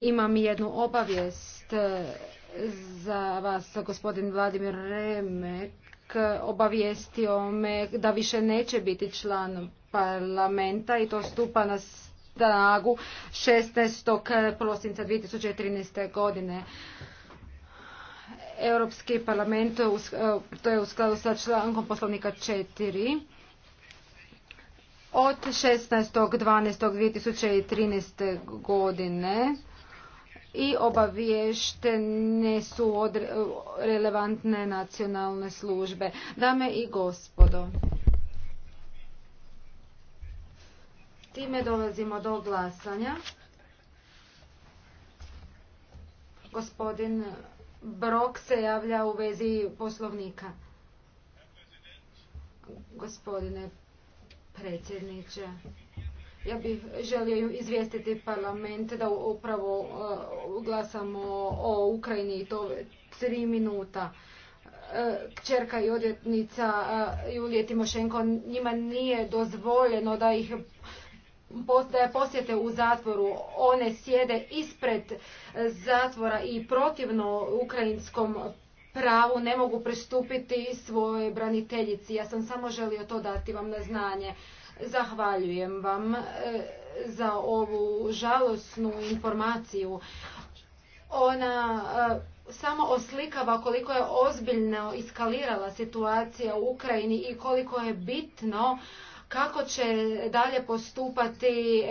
Imam jednu obavijest e, za vas, gospodin Vladimir Remek e, obavijestio me da više neće biti član parlamenta i to stupa na snagu 16. prosinca 2013. godine. Europski parlament, e, to je u skladu sa člankom poslovnika 4 od 16.12.2013. godine i obaviještene su od relevantne nacionalne službe. Dame i gospodo, time dolazimo do glasanja. Gospodin Brok se javlja u vezi poslovnika. Gospodine predsjedniče, ja bih želio izvijestiti parlament da upravo e, glasamo o Ukrajini i to tri minuta e, kćerka i odjetnica Julije e, Timošenko, njima nije dozvoljeno da ih posjete u zatvoru. One sjede ispred zatvora i protivno ukrajinskom pravu ne mogu pristupiti svoje braniteljici. Ja sam samo želio to dati vam na znanje. Zahvaljujem vam e, za ovu žalosnu informaciju. Ona e, samo oslikava koliko je ozbiljno iskalirala situacija u Ukrajini i koliko je bitno kako će dalje postupati